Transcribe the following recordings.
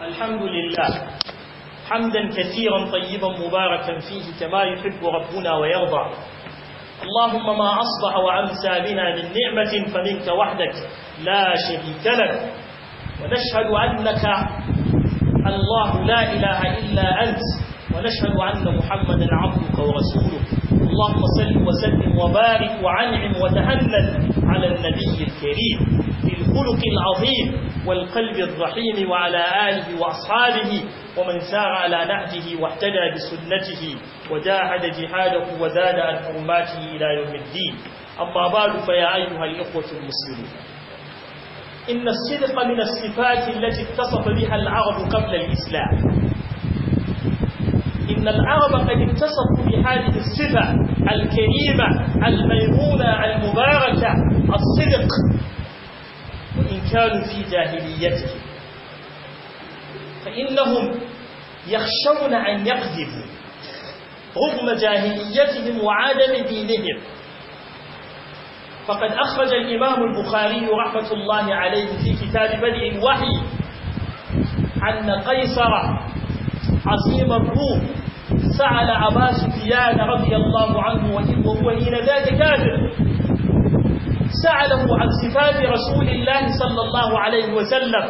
الحمد لله حمدا كثيرا طيبا مباركا فيه كما يحب ربنا ويرضى اللهم ما أصبح وأمسى بنا من نعمة فمنك وحدك لا شريك لك ونشهد أنك الله لا إله إلا أنت ونشهد أن محمدا عبدك ورسولك اللهم صل وسلم وبارك وعنعم وتهلل على النبي الكريم الخلق العظيم والقلب الرحيم وعلى آله وأصحابه ومن سار على نهجه واهتدى بسنته وجاهد جهاده وزاد عن حرماته إلى يوم الدين أما بعد فيا أيها الإخوة المسلمون إن الصدق من الصفات التي اتصف بها العرب قبل الإسلام إن العرب قد اتصفوا بهذه الصفة الكريمة الميمونة المباركة الصدق كانوا في جاهليتهم فإنهم يخشون أن يقذفوا رغم جاهليتهم وعدم دينهم فقد أخرج الإمام البخاري رحمة الله عليه في كتاب بدء الوحي أن قيصر عظيم الروم سأل أبا سفيان رضي الله عنه وهو حين ذلك كافر سأله عن صفات رسول الله صلى الله عليه وسلم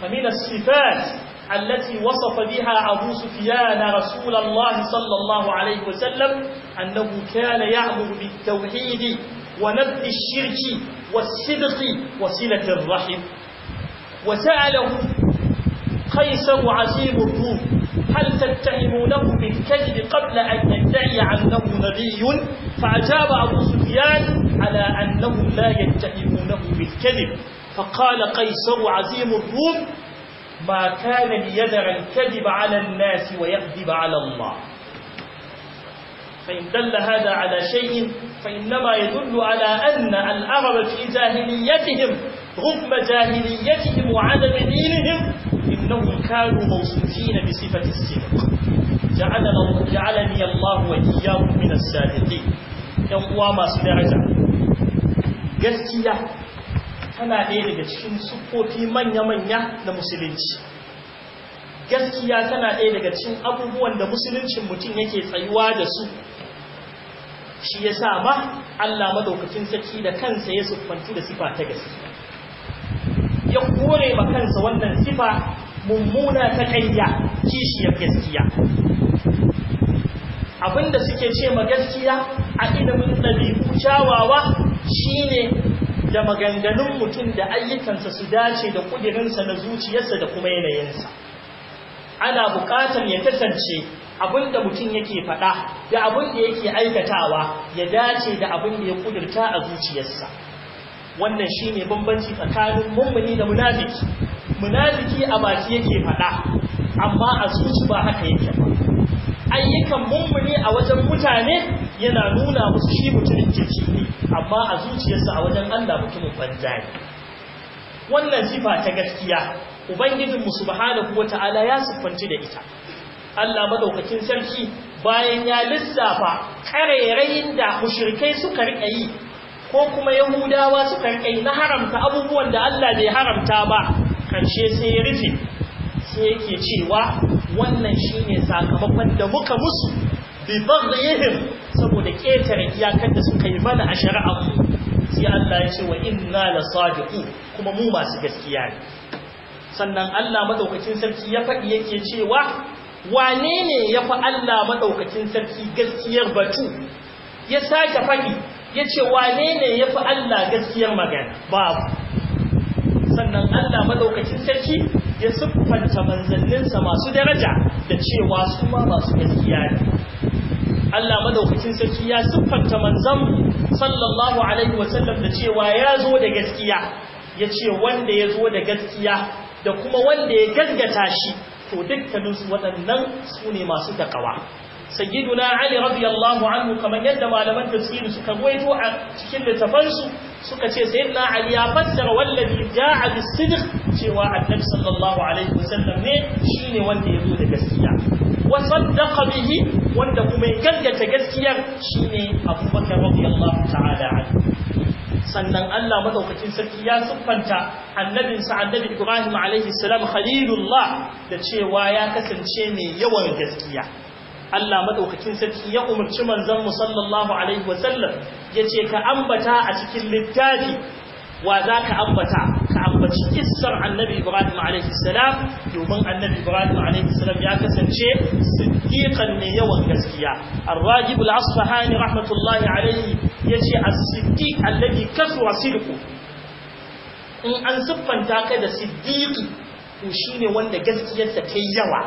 فمن الصفات التي وصف بها أبو سفيان رسول الله صلى الله عليه وسلم أنه كان يأمر بالتوحيد ونبذ الشرك والصدق وصلة الرحم وسأله قيصر عزيم الروم هل تتهمونه بالكذب قبل أن يدعي عنه نبي فأجاب أبو سفيان على أنهم لا يتهمونه بالكذب فقال قيصر عزيم الروم ما كان ليدع الكذب على الناس ويكذب على الله فإن دل هذا على شيء فإنما يدل على أن العرب في جاهليتهم رغم جاهليتهم وعدم دينهم إنهم كانوا موصوفين بصفة الصدق جعلني الله وإياكم من الصادقين يوم ما درجة gaskiya tana ɗaya daga cikin siffofi manya-manya na musulunci gaskiya tana ɗaya daga cikin abubuwan da musuluncin mutum yake tsayuwa da su shi ya sa ba Allah madaukakin saki da kansa ya siffantu da sifa ta gaskiya ya kore ma kansa wannan sifa mummuna ta kanya kishiyar gaskiya abinda suke ce ma gaskiya a ilimin ɗabi'u kyawawa Shi ne da maganganun mutum da ayyukansa su dace da kudirinsa na zuciyarsa da kuma yanayinsa ana buƙatar ya kasance abinda mutum yake faɗa da abinda yake aikatawa ya dace da abinda ya kudirta a zuciyarsa wannan shi ne bambanci tsakanin mummuni da munafiki munafiki a baki yake faɗa amma a zuci ba haka yake ba ayyukan mummuni a wajen mutane yana nuna musu shi mutumin jiki ne amma a zuciyarsa a wajen Allah mutumin banza ne wannan sifa ta gaskiya ubangijin mu subhanahu wata'ala ya siffanci da ita Allah madaukakin sarki bayan ya lissafa karerayin da mushrikai suka rika yi ko kuma yahudawa suka rika yi na haramta abubuwan da Allah bai haramta ba karshe sai ya rufe sai yake cewa wannan shine sakamakon da muka musu bi baghyihim saboda ketare iyakar da suka yi mana a shari'ar sai Allah ya ce wa inna la sadiqu kuma mu masu gaskiya ne sannan Allah madaukakin sarki ya faɗi yake cewa wane ne ya fi Allah madaukakin sarki gaskiyar batu ya sake faɗi ya ce wane ne ya fi Allah gaskiyar magana babu sannan Allah madaukakin sarki ya siffanta manzanninsa masu daraja da cewa su ma masu gaskiya ne Allah madaukakin sarki ya siffanta manzon sallallahu alaihi wasallam da cewa ya zo da gaskiya ya ce wanda ya zo da gaskiya da kuma wanda ya gaskata shi to dukkaninsu waɗannan su ne masu takawa sayyiduna ali radiyallahu anhu kamar yadda malaman tafsiri suka goyito a cikin su suka ce sayyidina ali ya fassara wallazi ja'a bis cewa annabi sallallahu alaihi wasallam ne shine wanda ya zo da gaskiya wa saddaqa bihi wanda kuma ya gaskata gaskiyar shine abubakar radiyallahu ta'ala anhu sannan Allah madaukakin sarki ya siffanta annabinsa annabi Ibrahim alaihi salam khalilullah da cewa ya kasance mai yawan gaskiya Allah madaukakin sarki ya umarci manzon mu sallallahu alaihi wasallam ce ka ambata a cikin littafi wa ka ambata ka ambaci kissar annabi Ibrahim alaihi salam domin annabi Ibrahim alaihi salam ya kasance siddiqan ne yawan gaskiya Ar-Rajib al-Asfahani rahmatullahi alaihi yace as-siddiq alladhi kaswa sidqu in an siffanta ka da siddiqi to shine wanda gaskiyarsa ta yawa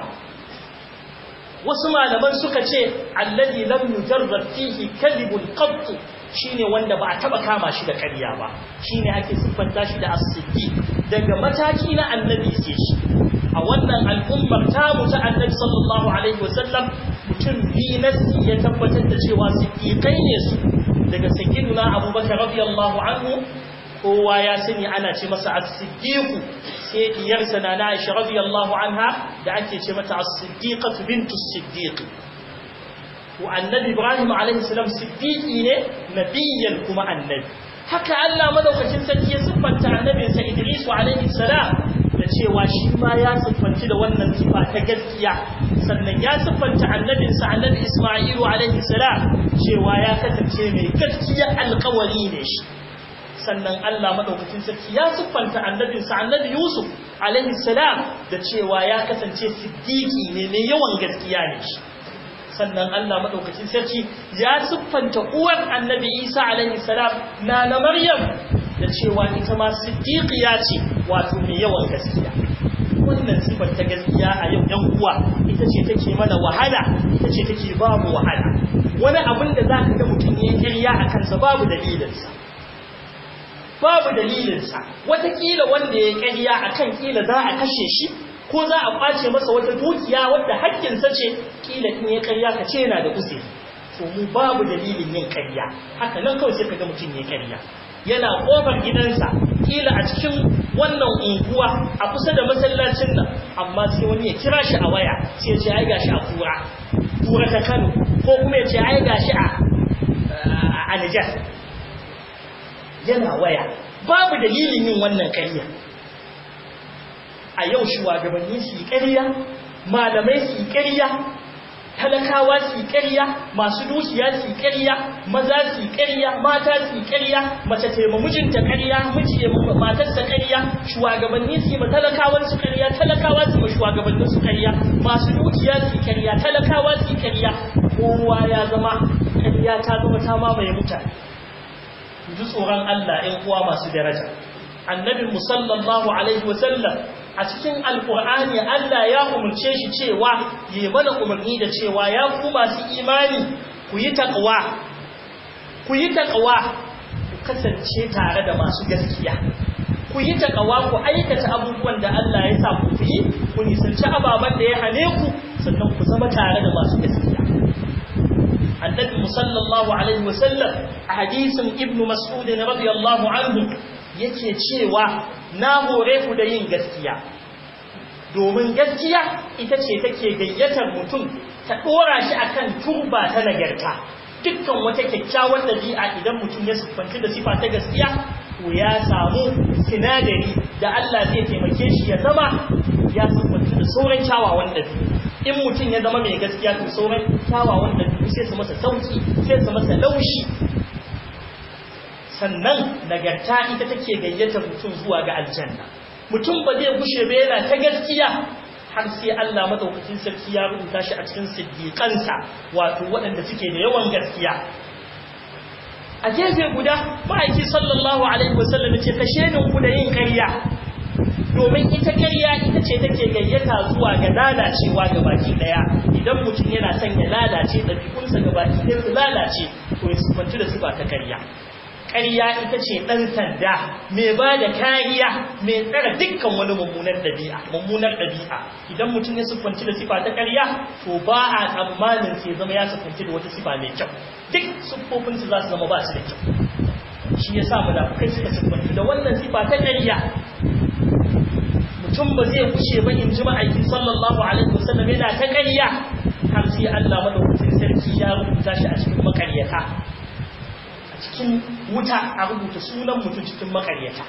wasu malaman suka ce alladhi lam yujarrad fihi kadhibul qatt shine wanda ba a taba kama shi da karya ba shine ake siffanta shi da as daga mataki na annabi sai shi a wannan al'ummar ta mutu annabi sallallahu alaihi wasallam mutum bi nasi ya tabbatar da cewa siddiqai ne su daga sayyiduna abubakar radiyallahu anhu kowa ya sani ana ce masa as-siddiq sai diyarsa na na Aisha radiyallahu anha da ake ce mata as-siddiqatu bintu as-siddiq wa annabi Ibrahim alaihi salam siddiqi ne nabiyyan kuma annabi haka Allah madaukakin sarki ya siffanta annabinsa Idris alaihi salam da cewa shi ma ya siffanci da wannan sifa ta gaskiya sannan ya siffanta annabinsa annabi Isma'ilu alaihi salam cewa ya kasance mai gaskiya alƙawari ne shi sannan Allah madaukakin sarki ya siffanta annabinsa annabi Yusuf alaihi salam da cewa ya kasance siddiqi ne mai yawan gaskiya ne shi sannan Allah madaukakin sarki ya siffanta uwar annabi Isa alaihi salam na na Maryam da cewa ita ma siddiqiya ce wato mai yawan gaskiya wannan sifar ta gaskiya a yau yan uwa ita ce take mana wahala ita ce take babu wahala wani abin da zaka ga mutum yayin ƙarya a kansa babu dalilinsa babu dalilinsa watakila wanda ya ƙarya kan ƙila za a kashe shi ko za a kwace masa wata dukiya wadda haƙƙinsa ce ƙila in ya ƙarya ka ce yana da uzuri to mu babu dalilin yin ƙarya haka nan kawai sai ka ga mutum ya ƙarya yana ƙofar gidansa ƙila a cikin wannan unguwa a kusa da masallacin nan amma sai wani ya kira shi a waya sai ya ce ai gashi a kura kura ta Kano ko kuma ya ce ai gashi a a Nijar yana waya babu dalilin yin wannan kariya a yau shugabanni su yi kariya malamai su yi talakawa su yi masu dukiya su yi maza su yi mata su yi mace ce ma mijinta kariya miji ya ma matarsa ƙarya shugabanni su yi ma talakawan su kariya talakawa su ma shugabannin su kariya masu dukiya su yi talakawa su yi ƙarya kowa ya zama kariya ta zama ta mamaye mutane ku ji tsoron Allah 'yan uwa masu daraja annabin musallallahu alaihi wasallam a cikin alkur'ani Allah ya umarce shi cewa yi mana umarni da cewa ya ku masu imani ku yi taqwa ku yi ku kasance tare da masu gaskiya ku yi taƙawa ku aikata abubuwan da Allah ya sa ku yi ku nisanci ababen da ya hane ku sannan ku zama tare da masu gaskiya annabi sallallahu alaihi wasallam a hadisin ibnu mas'ud radiyallahu anhu yake cewa na hore ku da yin gaskiya domin gaskiya ita ce take gayyatar mutum ta dora shi akan turba ta nagarta dukkan wata kyakkyawar dabi'a idan mutum ya siffanci da sifa ta gaskiya to ya samu sinadari da Allah zai taimake shi ya zama ya siffanci da sauran kyawawan dabi'a in mutum ya zama mai gaskiya to sauran kyawawan sai su masa sauki sai su masa laushi sannan nagarta ita take gayyata mutum zuwa ga aljanna mutum ba zai gushe ba yana ta gaskiya har sai Allah madaukakin sarki ya rubuta shi a cikin siddiqansa wato waɗanda suke da yawan gaskiya a gefe guda ma'aiki sallallahu alaihi wasallam ce kashe ni ku da yin ƙarya domin ita karya ita ce take gayyata zuwa ga lalacewa ga baki daya idan mutum yana son ya lalace bikunsa ga baki ɗin su lalace to ya sufanci da sifa ta karya. Karya ita ce ɗan sanda mai ba da kariya mai tsara dukkan wani mummunar ɗabi'a mummunar ɗabi'a idan mutum ya siffanci da sifa ta karya, to ba a tsammanin sai zama ya siffanci da wata sifa mai kyau duk siffofinsu za su zama ba su da kyau shi ya sa kai suka siffanci da wannan sifa ta karya. mutum ba zai kushe ba in ji ma'aikin sallallahu alaihi wasallam yana ta karya. har sai Allah madaukakin sarki ya rubuta shi a cikin makaryata a cikin wuta a rubuta sunan mutum cikin makaryata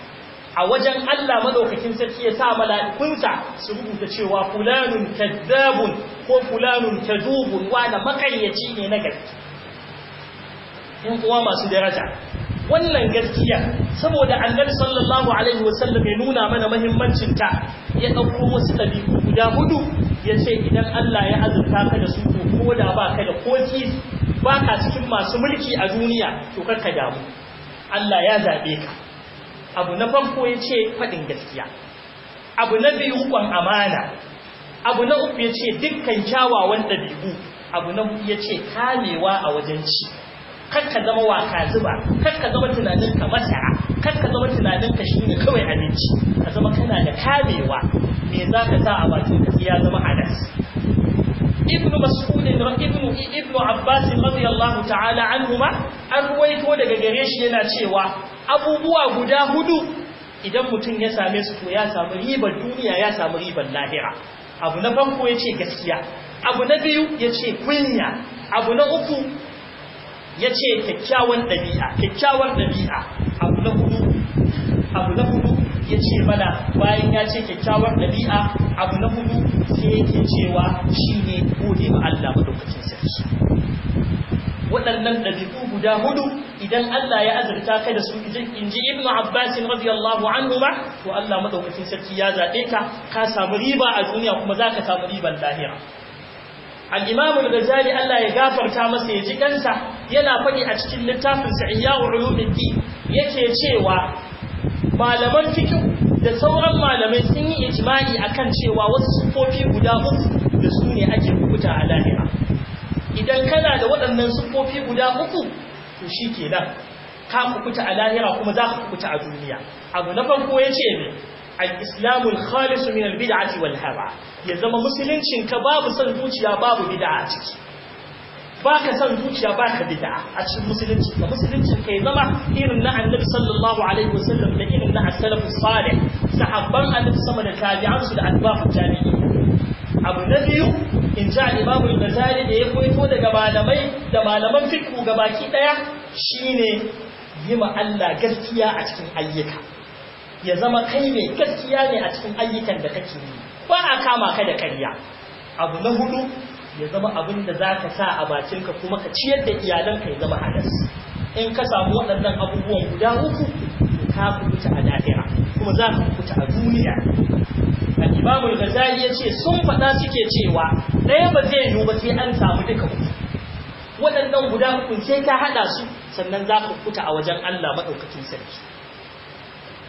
a wajen Allah madaukakin sarki ya sa mala'ikunsa su rubuta cewa fulanun kadzabun ko fulanun kadubun wanda makaryaci ne na gaske in kuwa masu daraja wannan gaskiya saboda annabi sallallahu alaihi wasallam ya nuna mana muhimmancin ta ya dauko wasu dabi'u guda hudu yace idan Allah ya azurta ka da su ko da ba ka da koki ba ka cikin masu mulki a duniya to ka damu Allah ya zabe ka abu na farko yace fadin gaskiya abu na biyu kwan amana abu na uku yace dukkan kyawawan dabi'u abu na hudu yace kamewa a wajen ci kar ka zama waka zuba kar ka zama tunanin ka masara kar ka zama tunanin ka shine kawai abinci ka zama kana da kamewa me za ka sa a bakin ka ya zama hadas ibnu mas'ud ibnu ibnu abbas radiyallahu ta'ala anhuma an ruwaito daga gare shi yana cewa abubuwa guda hudu idan mutum ya same su to ya samu ribar duniya ya samu ribar lahira abu na farko yace gaskiya abu na biyu yace kunya abu na uku ya ce kyakkyawan ɗabi'a kyakkyawan ɗabi'a abu na hudu ya ce mana bayan ya ce kyakkyawan ɗabi'a abu na hudu sai yake cewa shi ne gode ma Allah madaukakin sarki waɗannan ɗabi'u guda hudu idan Allah ya azurta kai da su in ji ibn Abbas radiyallahu anhu ba to Allah madaukakin sarki ya zaɓe ka ka samu riba a duniya kuma za ka samu riban lahira al-imam al Allah ya gafarta masa ya ji dansa, yana faɗi a cikin littafinsa sa ihya'u ulumuddin yake cewa malaman fiqh da sauran malamai sun yi ijma'i akan cewa wasu sufofi guda uku da su ne ake kubuta a lahira idan kana da waɗannan sufofi guda uku to shikenan ka kubuta a lahira kuma za ka kubuta a duniya abu na farko yace me Al'islamu islamu al-khalis min al-bid'ati wal hawa ya zama musuluncin ka babu son zuciya babu bid'a a ciki ka son zuciya ba ka bid'a a cikin musulunci ka musulunci kai zama irin na annabi sallallahu alaihi wasallam da irin na Asalafu salaf salih sahabban annabi sama da tabi'an su da atba'u tabi'in abu na biyu in ji al-imamu al-ghazali da ya koyo daga malamai da malaman fiqh gabaki daya shine yi ma Allah gaskiya a cikin ayyuka ya zama kai mai gaskiya ne a cikin ayyukan da kake yi ba a kama ka da karya. abu na hudu ya zama abin da za ka sa a bakinka kuma ka ciyar da iyalanka ya zama hadas in ka samu waɗannan abubuwan guda uku ka kubuta a lahira kuma za ka kubuta a duniya al-imam al-ghazali yace sun faɗa suke cewa ɗaya ba zai yiwu ba sai an samu duka uku waɗannan guda uku sai ka haɗa su sannan za ka kubuta a wajen Allah madaukakin sarki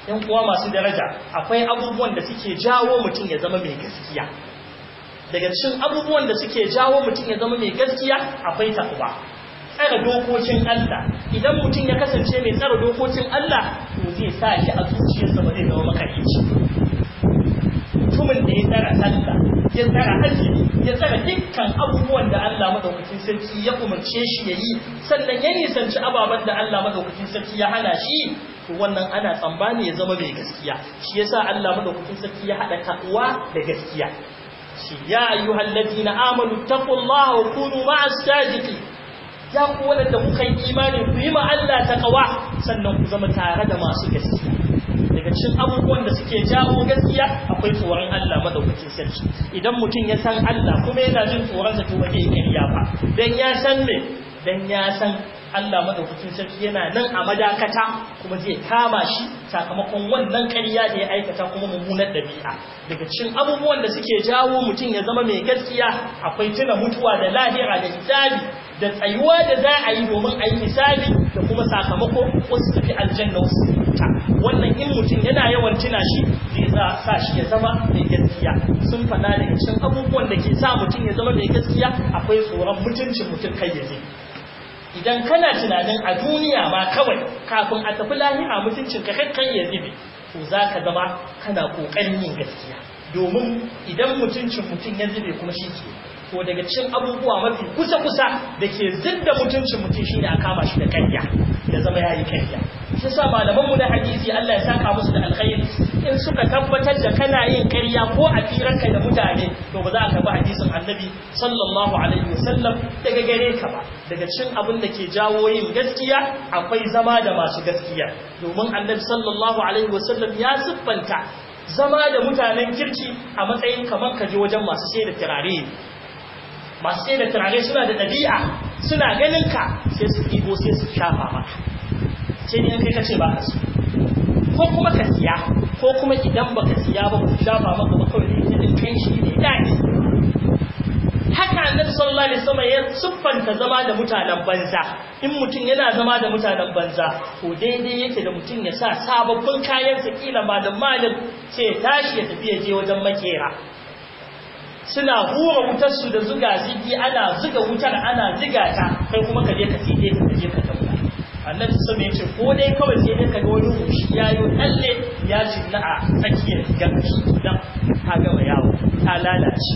yan uwa masu daraja akwai abubuwan da suke jawo mutum ya zama mai gaskiya daga cikin abubuwan da suke jawo mutum ya zama mai gaskiya akwai takwa tsara dokokin Allah idan mutum ya kasance mai tsara dokokin Allah to zai sa shi a zuciyarsa ba zai zama makarici mutumin da ya tsara sallah ya tsara haji ya tsara dukkan abubuwan da Allah madaukakin sarki ya umarce shi yayi sannan ya nisanci ababen da Allah madaukakin sarki ya hana shi to wannan ana tsambani ya zama mai gaskiya shi yasa Allah madaukakin sarki ya hada takwa da gaskiya shi ya ayyuhal ladina amanu taqullaha wa kunu ma'as sadiqin ya ku wanda kuka yi imani ku yi ma Allah kawa sannan ku zama tare da masu gaskiya daga cikin abubuwan da suke jawo gaskiya akwai tsoron Allah madaukakin sarki idan mutum ya san Allah kuma yana jin tsoron sa to ba zai ƙarya ba dan ya san me dan ya san Allah madaukakin sarki yana nan a madakata kuma zai kama shi sakamakon wannan ƙarya da ya aikata kuma mummunar ɗabi'a daga cikin abubuwan da suke jawo mutum ya zama mai gaskiya akwai tuna mutuwa da lahira da tsari, da tsayuwa da za a yi domin a yi misali, da kuma sakamako wasu su fi aljanna wasu wannan in mutum yana yawan tuna shi zai za sa shi ya zama mai gaskiya sun faɗa daga cikin abubuwan da ke sa mutum ya zama mai gaskiya akwai tsoron mutuncin mutum kai ya je idan kana tunanin a duniya ma kawai kafin a tafi lahira mutuncin ka kakkan ya zibi to za ka zama kana ƙoƙarin yin gaskiya domin idan mutuncin mutum ya zube kuma shi ke to daga cikin abubuwa mafi kusa-kusa da ke zidda mutuncin mutum shine a kama shi da karya da zama ya yi kanya shi sa malaman mu na hadisi Allah ya saka musu da alkhairi in suka tabbatar da kana yin karya ko a kai da mutane to ba za a karbi hadisin annabi sallallahu alaihi wasallam daga gare ka ba daga cikin abin da ke jawo yin gaskiya akwai zama da masu gaskiya domin annabi sallallahu alaihi wasallam ya siffanta zama da mutanen kirki a matsayin kamar kaje wajen masu sai da turare masu sai da turare suna da ɗabi'a suna ganin ka sai su ɗibo sai su shafa maka ce ne kai ka ce ba ka so ko kuma ka siya ko kuma idan ba ka siya ba ku shafa maka ba kawai ne ɗin kan shi ne daɗi haka annabi sallallahu alaihi wasallam ya siffanta zama da mutanen banza in mutum yana zama da mutanen banza ko daidai yake da mutum ya sa sababbin kayan sa kila malam malam sai ya tashi ya tafi ya je wajen makera suna hura wutar su da zuga zigi ana zuga wutar ana ziga ta kai kuma ka je ka tsige ka je ka tabbata annabi sun ya ce ko dai kawai sai dai ga wani shi ya talle ya jilla a tsakiyar gamshi dan ka gama yawo ta lalace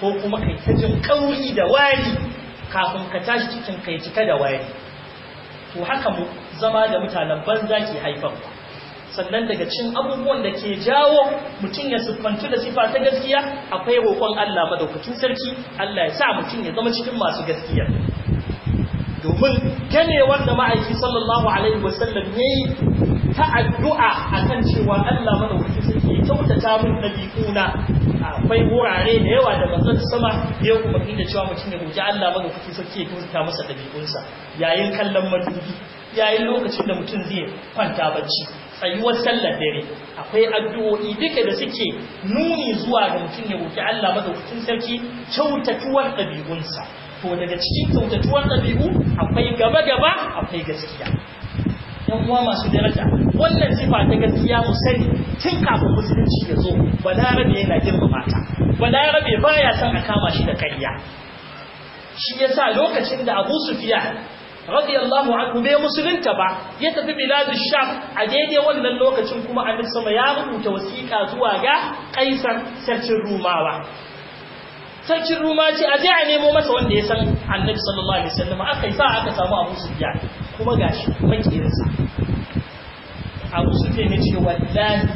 ko kuma kai ta jin kauri da wari kafin ka tashi cikin kai cika da wari to haka mu zama da mutanen banza ke haifarwa sannan daga cin abubuwan da ke jawo mutum ya siffantu da sifa ta gaskiya akwai roƙon Allah madaukakin sarki Allah ya sa mutum ya zama cikin masu gaskiya domin ganewar wanda ma'aiki sallallahu alaihi wasallam ya yi ta addu'a a kan cewa Allah madaukakin sarki ya kyautata min ɗabi'una akwai wurare da yawa da mazan sama ya umarni da cewa mutum ya roƙi Allah madaukakin sarki ya kyautata masa ɗabi'unsa yayin kallon madubi yayin lokacin da mutum zai kwanta bacci tsayuwar sallar dare akwai addu'o'i duka da suke nuni zuwa ga mutum ya roki Allah madaukakin sarki kyautatuwar ɗabi'unsa to daga cikin kyautatuwar ɗabi'u akwai gaba gaba akwai gaskiya yan uwa masu daraja wannan sifa ta gaskiya mu sani tun kafin musulunci ya zo balarabe yana girmama ta balarabe baya son a kama shi da ƙarya shi yasa lokacin da Abu sufiya radiyallahu anhu bai musulunta ba ya tafi biladu sham a daidai wannan lokacin kuma annabi sama ya rubuta wasiƙa zuwa ga kaisar sarkin rumawa sarkin ruma ce a je a nemo masa wanda ya san annabi sallallahu alaihi wasallam aka yi sa aka samu abu sufyan kuma gashi makiyinsa abu sufyan ya ce wallahi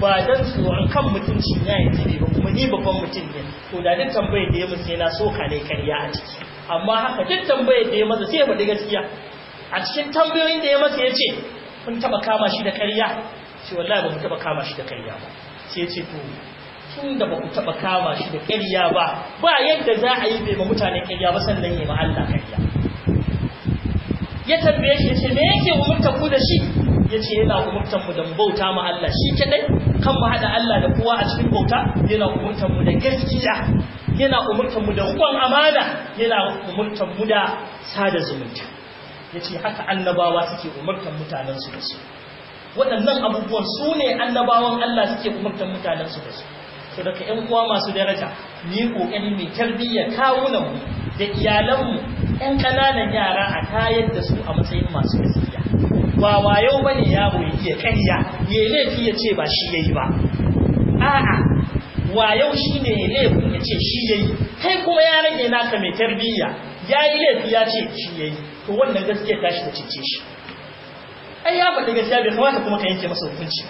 ba dan tsoron kan mutuncin ya yi ba kuma ni babban mutum ne to da duk tambayar da ya musu yana soka ne karya a ciki amma haka duk tambayar da ya masa sai ya faɗi gaskiya a cikin tambayoyin da ya masa ya ce kun taɓa kama shi da ƙarya sai wallahi ba ku taɓa kama shi da ƙarya ba sai ya ce to tun da ba ku taɓa kama shi da ƙarya ba ba yadda za a yi bai ma mutane ƙarya ba sannan ya ma Allah ƙarya ya tambaye shi ya ce me yake umurta ku da shi ya ce yana umurtar mu da mu bauta ma Allah shi kaɗai kan mu haɗa Allah da kowa a cikin bauta yana umurtar mu da gaskiya yana umurtar mu da rukun amana yana umurtar mu da sada zumunta yace haka annabawa suke umurtan mutanen su da su waɗannan abubuwan su ne annabawan Allah suke umurtan mutanen su da su to daga ƴan uwa masu daraja ni kokari mai tarbiyya kawunan mu da iyalan mu ƴan ƙananan yara a kayan da su a matsayin masu gaskiya ba wayo bane yaro yake kariya ya laifi ya ce ba shi yayi ba a'a yau shi ne laifin ya ce shi ya yi kai kuma ya rage naka mai tarbiyya ya yi laifin ya ce shi ya yi to wannan gaskiya ta shi da cece shi ai ya faɗi gaskiya bai kamata kuma ka yanke masa hukunci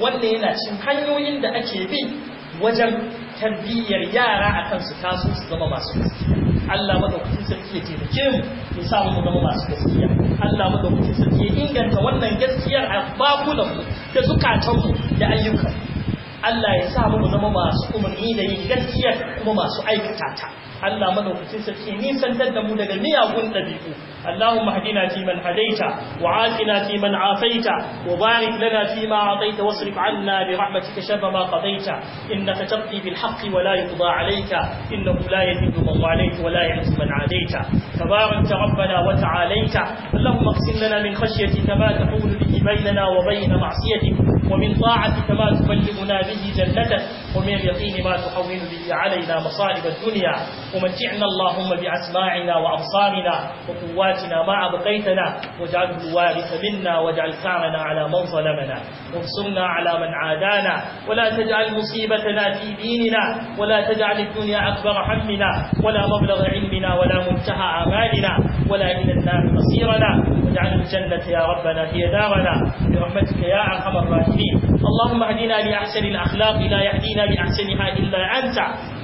wannan yana cin hanyoyin da ake bi wajen tarbiyyar yara a kansu taso su zama masu gaskiya Allah madaukakin sarki ya taimake mu ya sa mu zama masu gaskiya Allah madaukakin sarki ya inganta wannan gaskiyar a babunan ku da zukatanmu da ayyukan Allah ya sa mu zama masu umarni da yin gaskiya kuma masu aikata ta Allah madaukakin sarki san da mu daga miyagun dabi'u اللهم اهدنا فيمن هديت وعافنا فيمن عافيت وبارك لنا فيما اعطيت واصرف عنا برحمتك شر ما قضيت انك تقضي بالحق ولا يقضى عليك انه لا يذل من عليك ولا يعز من عاديت تباركت ربنا وتعاليت اللهم اقسم لنا من خشيتك ما تحول به بيننا وبين معصيتك ومن طاعتك ما تبلغنا به عليه جنتك ومن اليقين ما تحول به علينا مصائب الدنيا ومتعنا اللهم بأسماعنا وأبصارنا وقواتنا ما أبقيتنا واجعله الوارث منا واجعل ثارنا على من ظلمنا وانصرنا على من عادانا ولا تجعل مصيبتنا في ديننا ولا تجعل الدنيا أكبر همنا ولا مبلغ علمنا ولا منتهى آمالنا ولا إلى النار مصيرنا اجعل الجنة يا ربنا هي دارنا برحمتك يا أرحم الراحمين اللهم اهدنا لأحسن الأخلاق لا يهدينا لأحسنها إلا أنت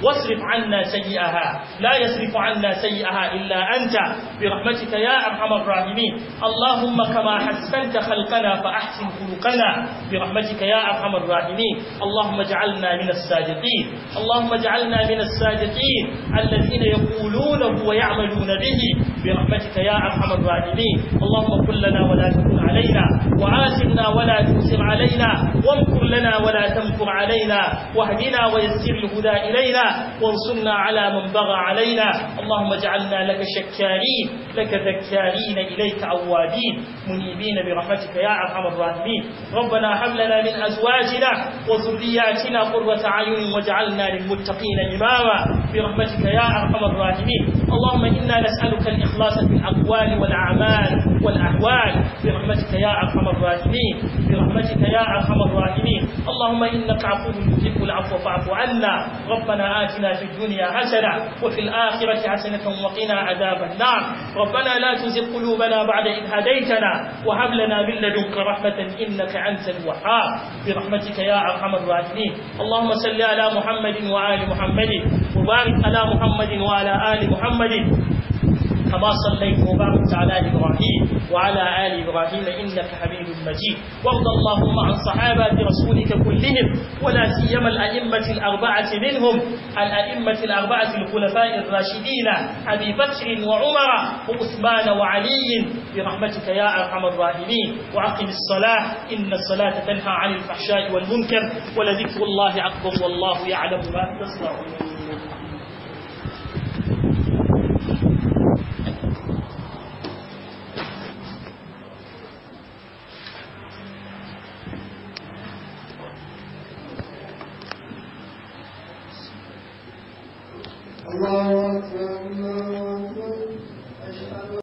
واصرف عنا سيئها لا يصرف عنا سيئها إلا أنت برحمتك يا أرحم الراحمين اللهم كما حسنت خلقنا فأحسن خلقنا برحمتك يا أرحم الراحمين اللهم اجعلنا من الصادقين اللهم اجعلنا من الصادقين الذين يقولونه ويعملون به برحمتك يا أرحم الراحمين اللهم اللهم كن لنا ولا تكن علينا وعاشرنا ولا تنسر علينا وامكر لنا ولا تمكر علينا واهدنا ويسر الهدى إلينا وانصرنا على من بغى علينا اللهم اجعلنا لك شكارين لك ذكارين إليك عوادين منيبين برحمتك يا أرحم الراحمين ربنا حملنا من أزواجنا وذرياتنا قرة عين واجعلنا للمتقين إماما برحمتك يا أرحم الراحمين اللهم إنا نسألك الإخلاص في الأقوال والأعمال الأحوال برحمتك يا أرحم الراحمين برحمتك يا أرحم الراحمين اللهم إنك عفو تحب العفو فاعف عنا ربنا آتنا في الدنيا حسنة وفي الآخرة حسنة وقنا عذاب النار ربنا لا تزغ قلوبنا بعد إذ هديتنا وهب لنا من لدنك رحمة إنك أنت الوهاب برحمتك يا أرحم الراحمين اللهم صل على محمد وآل محمد وبارك على محمد وعلى آل محمد كما صليت وباركت على ال ابراهيم وعلى ال ابراهيم انك حميد مجيد وارض اللهم عن صحابه رسولك كلهم ولا سيما الائمه الاربعه منهم الائمه الاربعه الخلفاء الراشدين ابي بكر وعمر وعثمان وعلي برحمتك يا ارحم الراحمين واقم الصلاه ان الصلاه تنهى عن الفحشاء والمنكر ولذكر الله اكبر والله يعلم ما تصنعون